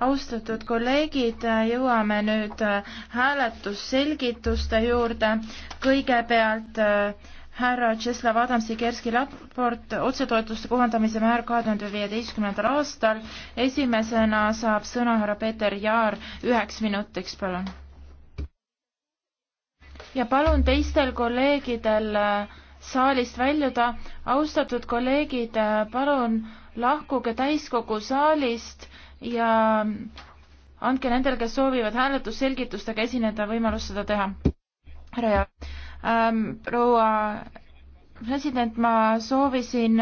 austatud kolleegid, jõuame nüüd äh, hääletusselgituste juurde. kõigepealt äh, härra Tšeslav Adamsi-Kerski raport otsetoetuste kohandamise määr kahe tuhande viieteistkümnendal aastal. esimesena saab sõna härra Peeter Jaar üheks minutiks, palun. ja palun teistel kolleegidel äh, saalist väljuda. austatud kolleegid, äh, palun lahkuge täiskogu saalist ja andke nendele, kes soovivad hääletusselgitustega esineda, võimalus seda teha. härra ja ähm, proua president, ma soovisin